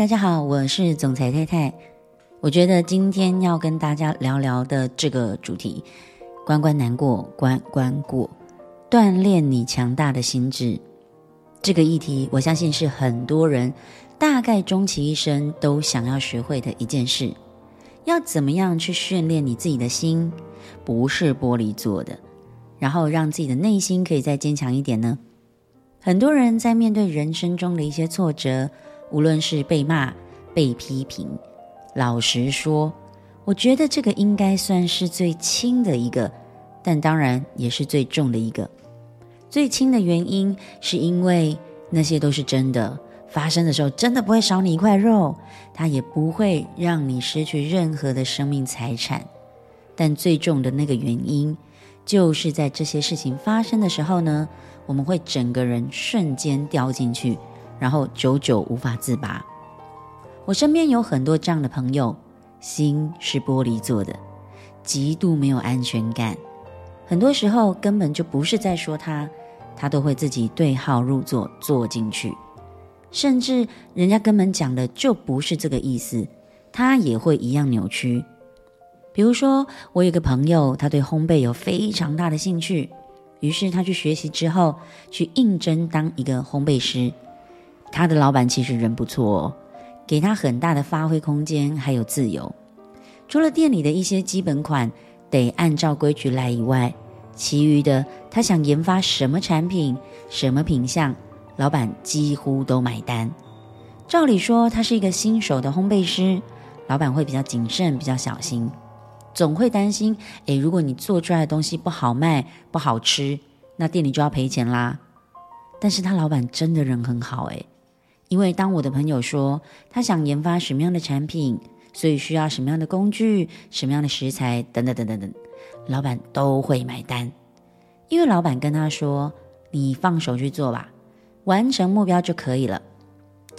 大家好，我是總裁太太。我覺得今天要跟大家聊聊的這個主題——關關難過關關過，鍛鍊你強大的心智。這個議題，我相信是很多人大概終其一生都想要學會的一件事。要怎麼樣去訓練你自己的心，不是玻璃做的，然後讓自己的內心可以再堅強一點呢？很多人在面對人生中的一些挫折。無論是被罵、被批評，老實說，我覺得這個應該算是最輕的一個，但當然也是最重的一個。最輕的原因是因為那些都是真的，發生的時候真的不會少你一塊肉，它也不會讓你失去任何的生命財產。但最重的那個原因就是在這些事情發生的時候呢，我們會整個人瞬間掉進去。然後久久無法自拔。我身邊有很多這樣的朋友，心是玻璃做的，極度沒有安全感。很多時候根本就不是在說他，他都會自己對號入座坐進去。甚至人家根本講的就不是這個意思，他也會一樣扭曲。比如說，我有個朋友，他對烘焙有非常大的興趣，於是他去學習之後，去應徵當一個烘焙師。他的老闆其實人不錯哦，給他很大的發揮空間還有自由。除了店裡的一些基本款得按照規矩來以外，其餘的他想研發什麼產品、什麼品相，老闆幾乎都買單。照理說，他是一個新手的烘焙師，老闆會比較謹慎、比較小心，總會擔心：誒，如果你做出來的東西不好賣、不好吃，那店裡就要賠錢啦。但是他老闆真的人很好誒，誒因為當我的朋友說他想研發什麼樣的產品，所以需要什麼樣的工具、什麼樣的食材等等等等等，老闆都會買單。因為老闆跟他說：“你放手去做吧，完成目標就可以了。”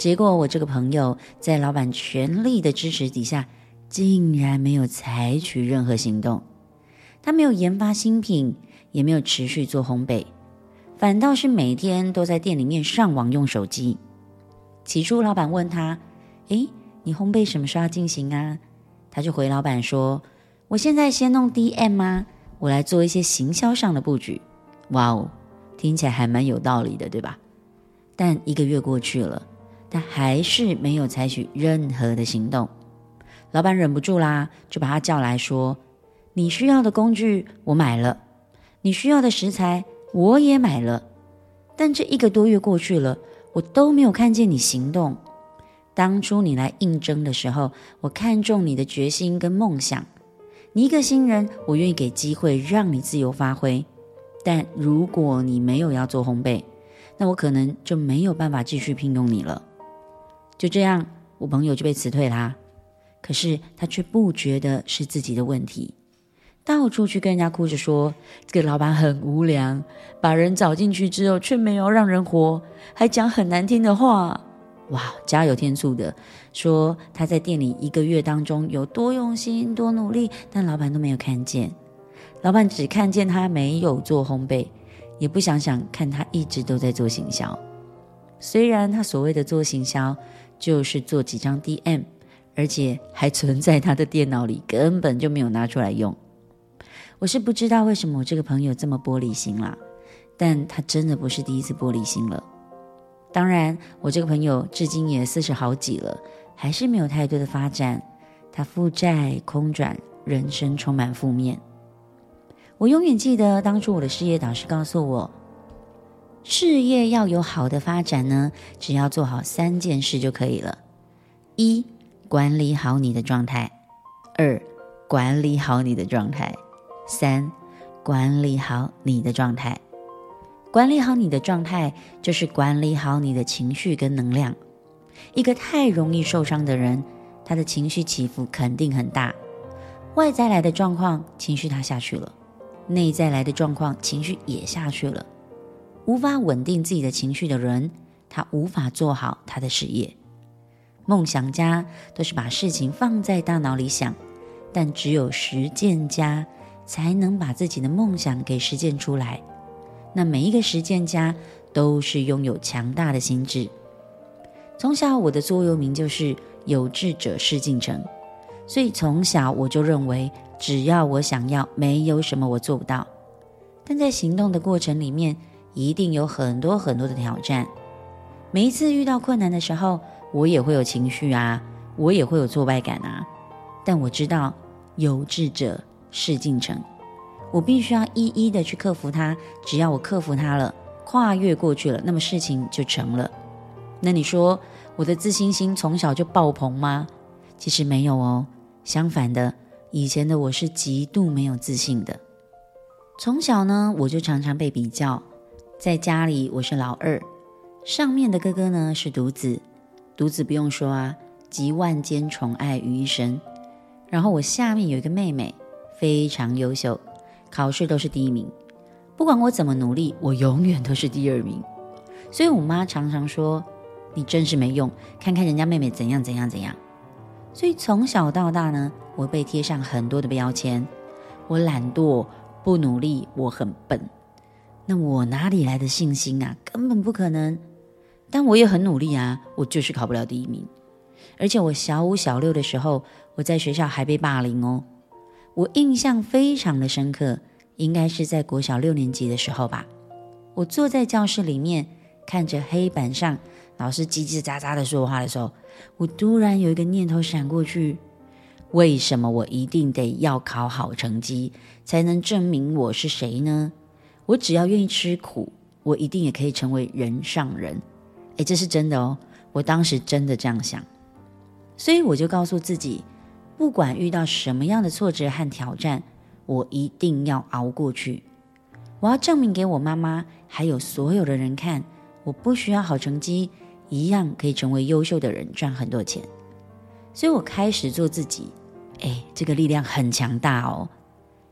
結果我這個朋友在老闆全力的支持底下，竟然沒有採取任何行動。他沒有研發新品，也沒有持續做烘焙，反倒是每天都在店裡面上網用手機。起初，老闆問他：“誒，你烘焙什麼時候要進行啊？”他就回老闆說：“我現在先弄 DM 啊，我來做一些行銷上的布局。”哇哦，聽起來還蠻有道理的，對吧？但一個月過去了，他還是沒有採取任何的行動。老闆忍不住啦，就把他叫來說：“你需要的工具我買了，你需要的食材我也買了，但這一個多月過去了。”我都沒有看見你行動。當初你來應徵的時候，我看中你的決心跟夢想。你一個新人，我願意給機會讓你自由發揮。但如果你沒有要做烘焙，那我可能就沒有辦法繼續聘用你了。就這樣，我朋友就被辭退啦啊。可是他卻不覺得是自己的問題。到處去跟人家哭着說，這個老闆很無良，把人找進去之後卻沒有讓人活，還講很難聽的話。哇，加油添醋的，說他在店裡一個月當中有多用心、多努力，但老闆都沒有看見，老闆只看見他沒有做烘焙，也不想想看他一直都在做行銷。雖然他所謂的做行銷，就是做幾張 DM，而且還存在他的電腦裡，根本就沒有拿出來用。我是不知道為什麼我這個朋友這麼玻璃心啦，啊，但他真的不是第一次玻璃心了。當然，我這個朋友至今也四十好幾了，還是沒有太多的發展。他負債、空轉，人生充滿負面。我永遠記得當初我的事業導師告訴我，事業要有好的發展呢，只要做好三件事就可以了：一、管理好你的狀態；二、管理好你的狀態。三，管理好你的狀態。管理好你的狀態，就是管理好你的情緒跟能量。一個太容易受傷的人，他的情緒起伏肯定很大。外在來的狀況，情緒他下去了，內在來的狀況，情緒也下去了。無法穩定自己的情緒的人，他無法做好他的事業。夢想家都是把事情放在大腦裡想，但只有實踐家。才能把自己的夢想給實踐出來。那每一個實踐家都是擁有強大的心智。從小我的座右銘就是“有志者事竟成”，所以從小我就認為，只要我想要，沒有什麼我做不到。但在行動的過程裡面，一定有很多很多的挑戰。每一次遇到困難的時候，我也會有情緒啊，我也會有挫敗感啊。但我知道，有志者。事竟成，我必須要一一的去克服它。只要我克服它了，跨越過去了，那麼事情就成了。那你說我的自信心從小就爆棚嗎？其實沒有哦，相反的，以前的我是極度沒有自信的。從小呢，我就常常被比較，在家裡我是老二，上面的哥哥呢是獨子，獨子不用說啊，集萬千寵愛於一身。然後我下面有一個妹妹。非常優秀，考試都是第一名。不管我怎麼努力，我永遠都是第二名。所以，我媽常常說：“你真是沒用，看看人家妹妹怎樣怎樣怎樣。”所以，從小到大呢，我被貼上很多的標籤：我懶惰、不努力、我很笨。那我哪裡來的信心啊？根本不可能。但我也很努力啊，我就是考不了第一名。而且，我小五、小六的時候，我在學校還被霸凌哦。我印象非常的深刻，應該是在國小六年級的時候吧。我坐在教室裡面，看着黑板上老師嘰嘰喳喳的說話的時候，我突然有一個念頭閃過去：為什麼我一定得要考好成績，才能證明我是誰呢？我只要願意吃苦，我一定也可以成為人上人。誒，這是真的哦，我當時真的這樣想，所以我就告訴自己。不管遇到什麼樣的挫折和挑戰，我一定要熬過去。我要證明給我媽媽還有所有的人看，我不需要好成績，一樣可以成為優秀的人，賺很多錢。所以，我開始做自己。哎，這個力量很強大哦。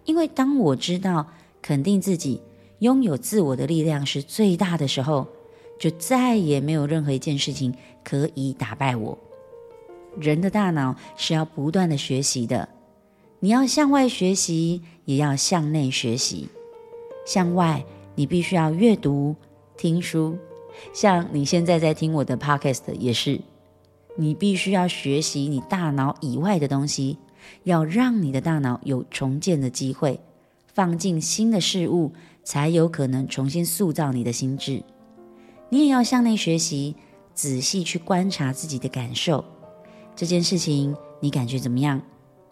因為當我知道肯定自己、擁有自我的力量是最大的時候，就再也沒有任何一件事情可以打敗我。人的大腦是要不斷的學習的，你要向外學習，也要向內學習。向外，你必須要閱讀、聽書，像你現在在聽我的 Podcast 也是。你必須要學習你大腦以外的東西，要讓你的大腦有重建的機會，放進新的事物，才有可能重新塑造你的心智。你也要向內學習，仔細去觀察自己的感受。這件事情你感覺怎麼樣？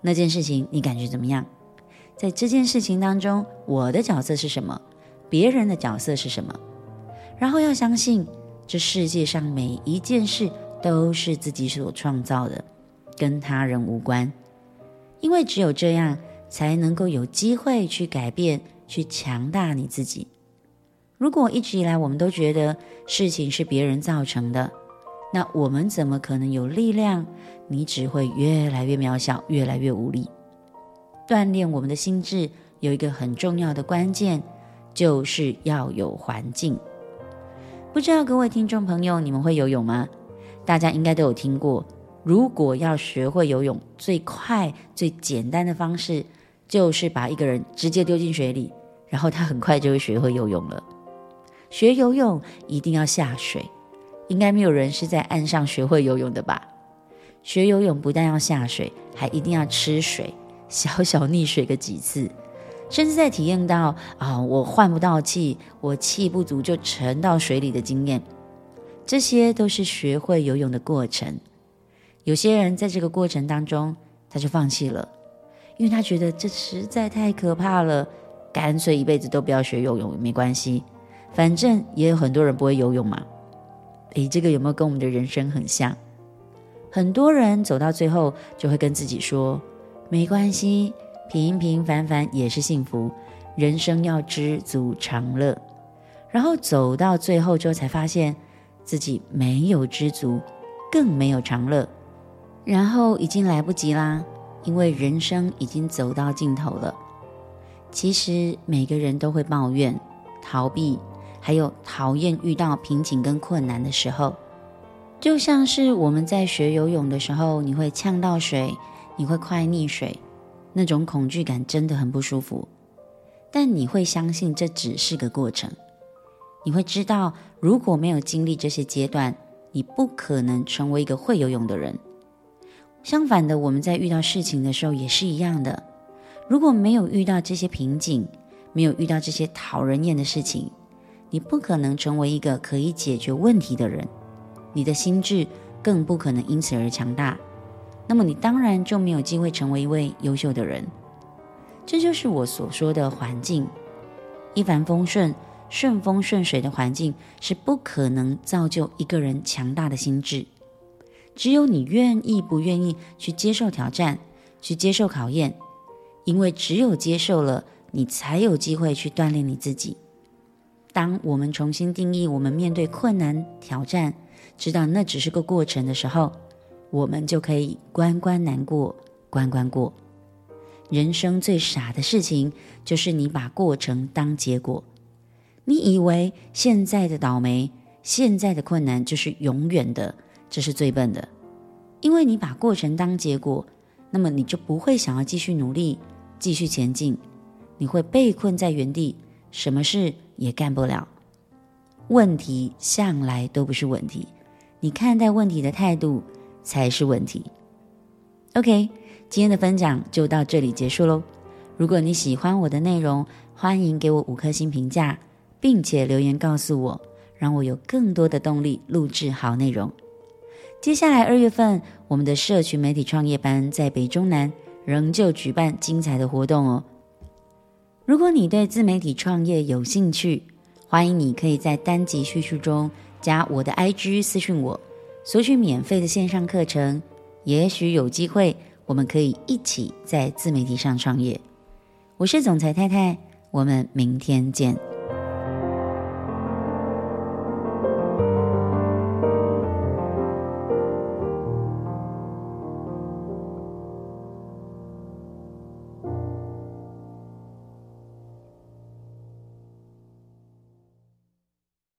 那件事情你感覺怎麼樣？在這件事情當中，我的角色是什麼？別人的角色是什麼？然後要相信，這世界上每一件事都是自己所創造的，跟他人無關。因為只有這樣，才能夠有機會去改變，去強大你自己。如果一直以來我們都覺得事情是別人造成的，那我們怎麼可能有力量？你只會越來越渺小，越來越無力。鍛鍊我們的心智有一個很重要的關鍵，就是要有環境。不知道各位聽眾朋友，你們會游泳嗎？大家應該都有聽過，如果要學會游泳，最快最簡單的方式，就是把一個人直接丟進水裡，然後他很快就會學會游泳了。學游泳一定要下水。應該沒有人是在岸上學會游泳的吧？學游泳不但要下水，還一定要吃水，小小溺水個幾次，甚至在體驗到啊、哦，我換不到氣，我氣不足就沉到水裡的經驗，這些都是學會游泳的過程。有些人在這個過程當中，他就放棄了，因為他覺得這實在太可怕了，乾脆一輩子都不要學游泳，沒關係，反正也有很多人不會游泳嘛。哎，這個有沒有跟我們的人生很像？很多人走到最後，就會跟自己說：“沒關係，平平凡凡也是幸福，人生要知足常樂。”然後走到最後之後，才發現自己沒有知足，更沒有常樂，然後已經來不及啦，因為人生已經走到盡頭了。其實每個人都會抱怨、逃避。還有討厭遇到瓶頸跟困難的時候，就像是我們在學游泳的時候，你會嗆到水，你會快溺水，那種恐懼感真的很不舒服。但你會相信這只是個過程，你會知道如果沒有經歷這些階段，你不可能成為一個會游泳的人。相反的，我們在遇到事情的時候也是一樣的，如果沒有遇到這些瓶頸，沒有遇到這些討人厭的事情，你不可能成為一個可以解決問題的人，你的心智更不可能因此而強大。那麼你當然就沒有機會成為一位優秀的人。這就是我所說的環境。一帆風順、順風順水的環境是不可能造就一個人強大的心智。只有你願意不願意去接受挑戰，去接受考驗，因為只有接受了，你才有機會去鍛鍊你自己。當我們重新定義我們面對困難挑戰，知道那只是個過程的時候，我們就可以關關難過關關過。人生最傻的事情就是你把過程當結果，你以為現在的倒霉、現在的困難就是永遠的，這是最笨的。因為你把過程當結果，那麼你就不會想要繼續努力、繼續前進，你會被困在原地。什麼事？也幹不了，問題向來都不是問題，你看待問題的態度才是問題。OK，今天的分享就到這裡結束嘍。如果你喜歡我的內容，歡迎給我五顆星評價，並且留言告訴我，讓我有更多的動力錄制好內容。接下來二月份，我們的社群媒體創業班在北中南仍舊舉辦精彩的活動哦。如果你對自媒體創業有興趣，歡迎你可以在單集敘述中加我的 IG 私訊我，索取免費的線上課程。也許有機會，我們可以一起在自媒體上創業。我是總裁太太，我們明天見。